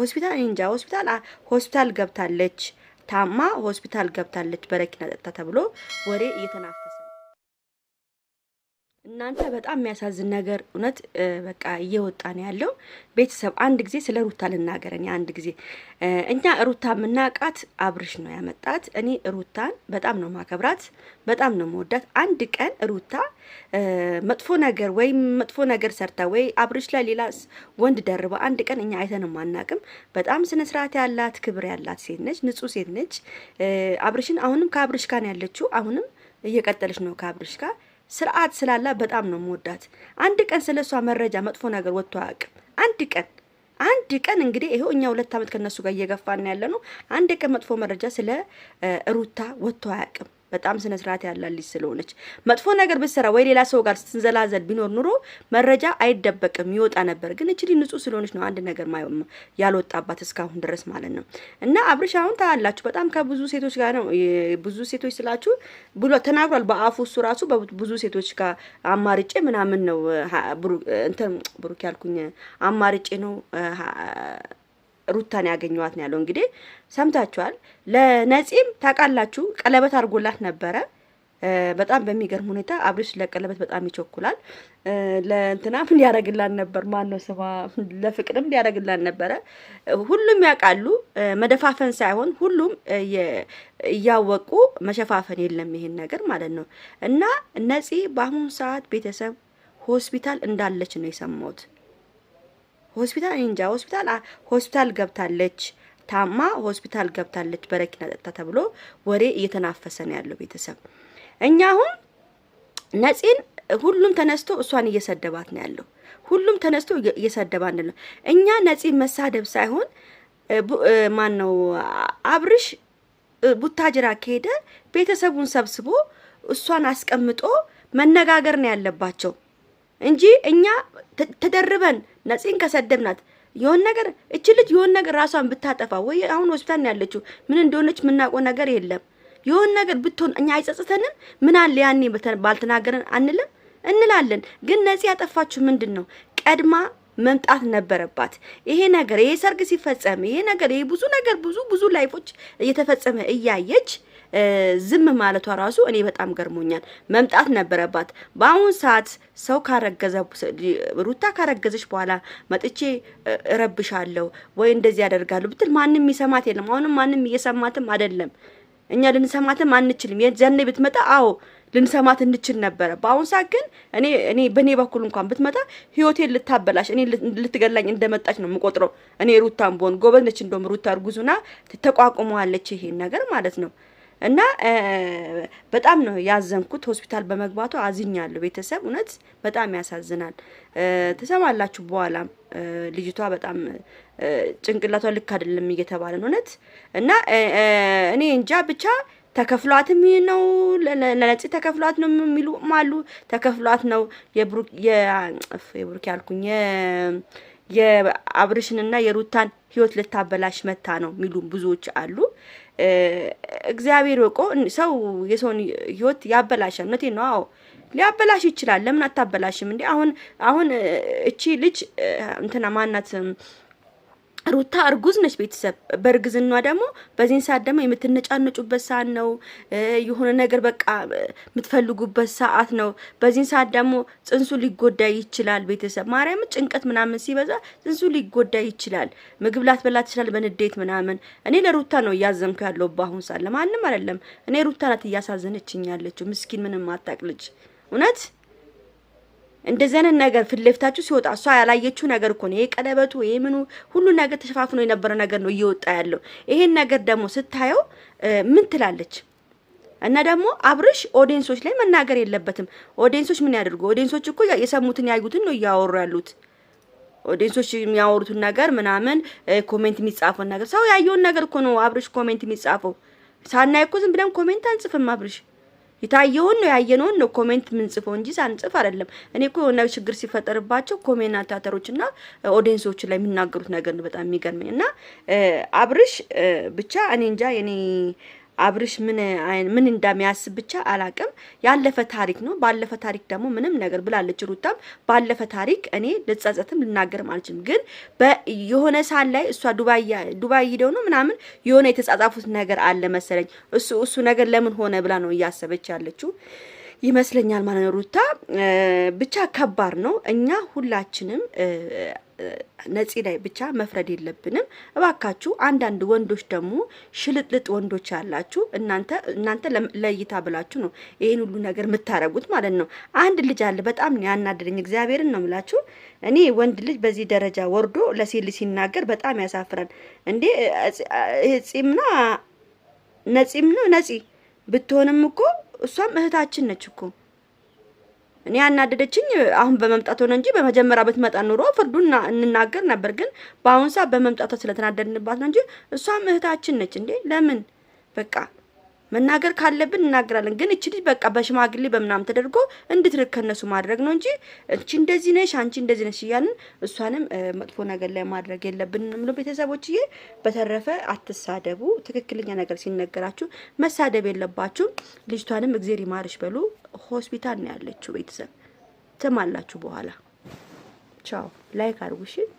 ሆስፒታል እንጃ ሆስፒታል ሆስፒታል ገብታለች ታማ ሆስፒታል ገብታለች በረኪና ጠጥታ ተብሎ ወሬ እየተናፈ እናንተ በጣም የሚያሳዝን ነገር እውነት በቃ እየወጣ ነው ያለው። ቤተሰብ አንድ ጊዜ ስለ ሩታ ልናገር። እኔ አንድ ጊዜ እኛ ሩታ የምናውቃት አብርሽ ነው ያመጣት። እኔ ሩታን በጣም ነው ማከብራት፣ በጣም ነው መወዳት። አንድ ቀን ሩታ መጥፎ ነገር ወይም መጥፎ ነገር ሰርታ ወይ አብርሽ ላይ ሌላ ወንድ ደርባ አንድ ቀን እኛ አይተንም አናቅም። በጣም ስነስርዓት ያላት ክብር ያላት ሴት ነች፣ ንጹህ ሴት ነች። አብርሽን አሁንም ከአብርሽ ጋር ነው ያለችው። አሁንም እየቀጠለች ነው ከአብርሽ ጋር ስርዓት ስላላ በጣም ነው የምወዳት። አንድ ቀን ስለ እሷ መረጃ መጥፎ ነገር ወጥቶ አያውቅም። አንድ ቀን አንድ ቀን እንግዲህ ይሄው እኛ ሁለት ዓመት ከነሱ ጋር እየገፋን ያለ ነው። አንድ ቀን መጥፎ መረጃ ስለ ሩታ ወጥቶ አያውቅም። በጣም ስነ ስርዓት ያላት ልጅ ስለሆነች መጥፎ ነገር ብትሰራ ወይ ሌላ ሰው ጋር ስትንዘላዘል ቢኖር ኑሮ መረጃ አይደበቅም ይወጣ ነበር። ግን እችዲ ንጹህ ስለሆነች ነው አንድ ነገር ያልወጣባት እስካሁን ድረስ ማለት ነው። እና አብርሽ አሁን ታያላችሁ፣ በጣም ከብዙ ሴቶች ጋር ነው። ብዙ ሴቶች ስላችሁ ብሎ ተናግሯል በአፉ እሱ ራሱ ብዙ ሴቶች ጋር አማርጬ ምናምን ነው እንትን ብሩክ ያልኩኝ አማርጬ ነው ሩታን ያገኘዋት ነው ያለው። እንግዲህ ሰምታችኋል። ለነፂም ታውቃላችሁ ቀለበት አድርጎላት ነበረ። በጣም በሚገርም ሁኔታ አብሬሽ ለቀለበት በጣም ይቸኩላል። ለእንትናም ሊያደርግላን ነበር ማን ነው ስማ፣ ለፍቅርም ሊያደርግላን ነበረ። ሁሉም ያውቃሉ። መደፋፈን ሳይሆን ሁሉም እያወቁ መሸፋፈን የለም ይሄን ነገር ማለት ነው። እና ነፂ በአሁኑ ሰዓት ቤተሰብ ሆስፒታል እንዳለች ነው የሰማሁት። ሆስፒታል እንጃ ሆስፒታል ሆስፒታል ገብታለች ታማ ሆስፒታል ገብታለች በረኪና ጠጥታ ተብሎ ወሬ እየተናፈሰ ነው ያለው ቤተሰብ። እኛ አሁን ነፂን ሁሉም ተነስቶ እሷን እየሰደባት ነው ያለው። ሁሉም ተነስቶ እየሰደባ ነው። እኛ ነፂን መሳደብ ሳይሆን ማን ነው አብርሽ ቡታጅራ ከሄደ ቤተሰቡን ሰብስቦ እሷን አስቀምጦ መነጋገር ነው ያለባቸው። እንጂ እኛ ተደርበን ነፂን ከሰደብናት የሆን ነገር እች ልጅ የሆን ነገር ራሷን ብታጠፋ ወይ አሁን ሆስፒታል ነው ያለችው፣ ምን እንደሆነች የምናውቀው ነገር የለም። የሆን ነገር ብትሆን እኛ አይጸጽተንም? ምን አለ ያኔ ባልተናገረን አንልም እንላለን። ግን ነፂ ያጠፋችሁ ምንድን ነው? ቀድማ መምጣት ነበረባት። ይሄ ነገር ይሄ ሰርግ ሲፈጸም ይሄ ነገር ይሄ ብዙ ነገር ብዙ ብዙ ላይፎች እየተፈጸመ እያየች ዝም ማለቷ ራሱ እኔ በጣም ገርሞኛል። መምጣት ነበረባት። በአሁን ሰዓት ሰው ካረገዘ ሩታ ካረገዘች በኋላ መጥቼ እረብሻለሁ ወይ እንደዚህ ያደርጋሉ ብትል ማንም ይሰማት የለም። አሁንም ማንም እየሰማትም አይደለም። እኛ ልንሰማትም አንችልም። የዛኔ ብትመጣ አዎ ልንሰማት እንችል ነበረ። በአሁን ሰዓት ግን እኔ እኔ በእኔ በኩል እንኳን ብትመጣ ህይወቴን ልታበላሽ እኔ ልትገላኝ እንደመጣች ነው የምቆጥረው። እኔ ሩታን ብሆን ጎበዝ ነች። እንደውም ሩታ እርጉዙና ተቋቁመዋለች ይሄን ነገር ማለት ነው። እና በጣም ነው ያዘንኩት። ሆስፒታል በመግባቱ አዝኛለሁ። ቤተሰብ እውነት በጣም ያሳዝናል። ትሰማላችሁ። በኋላም ልጅቷ በጣም ጭንቅላቷ ልክ አይደለም እየተባለን እውነት እና እኔ እንጃ ብቻ ተከፍሏትም ይህ ነው ለነጽ ተከፍሏት ነው የሚሉ አሉ። ተከፍሏት ነው የብሩክ ያልኩኝ የአብርሽንና የሩታን ህይወት ልታበላሽ መታ ነው የሚሉ ብዙዎች አሉ። እግዚአብሔር ወቆ ሰው የሰውን ህይወት ያበላሻል። እውነቴን ነው። አዎ ሊያበላሽ ይችላል። ለምን አታበላሽም እንዴ? አሁን አሁን እቺ ልጅ እንትና ማናት ሩታ እርጉዝ ነች። ቤተሰብ በእርግዝኗ ደግሞ በዚህን ሰዓት ደግሞ የምትነጫነጩበት ሰዓት ነው። የሆነ ነገር በቃ የምትፈልጉበት ሰዓት ነው። በዚህን ሰዓት ደግሞ ጽንሱ ሊጎዳ ይችላል። ቤተሰብ ማርያም፣ ጭንቀት ምናምን ሲበዛ ጽንሱ ሊጎዳ ይችላል። ምግብ ላትበላ ትችላል፣ በንዴት ምናምን። እኔ ለሩታ ነው እያዘንኩ ያለው በአሁን ሰዓት፣ ለማንም አይደለም። እኔ ሩታ ናት እያሳዘነችኝ ያለችው። ምስኪን ምንም አታውቅ ልጅ እውነት እንደዚህ አይነት ነገር ፊት ለፊታችሁ ሲወጣ እሷ ያላየችው ነገር እኮ ነው። ይሄ ቀለበቱ ይሄ ምኑ ሁሉ ነገር ተሸፋፍኖ የነበረ ነገር ነው እየወጣ ያለው። ይሄን ነገር ደግሞ ስታየው ምን ትላለች? እና ደግሞ አብርሽ ኦዲንሶች ላይ መናገር የለበትም። ኦዲንሶች ምን ያደርጉ? ኦዲንሶች እኮ የሰሙትን ያዩትን ነው እያወሩ ያሉት። ኦዲንሶች የሚያወሩትን ነገር ምናምን ኮሜንት የሚጻፈውን ነገር ሰው ያየውን ነገር እኮ ነው አብርሽ ኮሜንት የሚጻፈው። ሳናይ እኮ ዝም ብለን ኮሜንት አንጽፍም አብርሽ የታየውን ነው ያየነውን ነው ኮሜንት ምንጽፈው እንጂ ሳንጽፍ አይደለም። እኔ እኮ የሆነ ችግር ሲፈጠርባቸው ኮሜና እና ኦዲየንሶች ላይ የሚናገሩት ነገር ነው በጣም የሚገርመኝ እና አብርሽ ብቻ እኔ እንጃ የኔ አብርሽ ምን ምን እንደሚያስብ ብቻ አላቅም። ያለፈ ታሪክ ነው። ባለፈ ታሪክ ደግሞ ምንም ነገር ብላለች ሩታም። ባለፈ ታሪክ እኔ ልጸጸትም ልናገርም አልችልም። ግን የሆነ ሳል ላይ እሷ ዱባይ ሂደው ነው ምናምን የሆነ የተጻጻፉት ነገር አለ መሰለኝ። እሱ እሱ ነገር ለምን ሆነ ብላ ነው እያሰበች ያለችው ይመስለኛል ማለት ነው። ሩታ ብቻ ከባድ ነው። እኛ ሁላችንም ነፂ ላይ ብቻ መፍረድ የለብንም እባካችሁ። አንዳንድ ወንዶች ደግሞ ሽልጥልጥ ወንዶች ያላችሁ እናንተ እናንተ ለእይታ ብላችሁ ነው ይህን ሁሉ ነገር የምታረጉት ማለት ነው። አንድ ልጅ አለ በጣም ነው ያናደደኝ። እግዚአብሔርን ነው ምላችሁ። እኔ ወንድ ልጅ በዚህ ደረጃ ወርዶ ለሴት ልጅ ሲናገር በጣም ያሳፍራል። እንዴ ፂምና ነፂም ነው ነፂ ብትሆንም እኮ እሷም እህታችን ነች እኮ እኔ ያናደደችኝ አሁን በመምጣት ሆነ እንጂ በመጀመሪያ ብትመጣ ኑሮ ፍርዱን እንናገር ነበር። ግን በአሁን ሰዓት በመምጣቷ ስለተናደድንባት ነው እንጂ እሷም እህታችን ነች እንዴ! ለምን በቃ መናገር ካለብን እናገራለን። ግን እቺ ልጅ በቃ በሽማግሌ በምናም ተደርጎ እንድትርክ ከነሱ ማድረግ ነው እንጂ እቺ እንደዚህ ነሽ፣ አንቺ እንደዚህ ነሽ እያልን እሷንም መጥፎ ነገር ላይ ማድረግ የለብንም። ብሎ ቤተሰቦችዬ፣ በተረፈ አትሳደቡ። ትክክለኛ ነገር ሲነገራችሁ መሳደብ የለባችሁም። ልጅቷንም እግዜር ይማርሽ በሉ። ሆስፒታል ነው ያለችው። ቤተሰብ ትማላችሁ። በኋላ ቻው። ላይክ አድርጉ እሺ።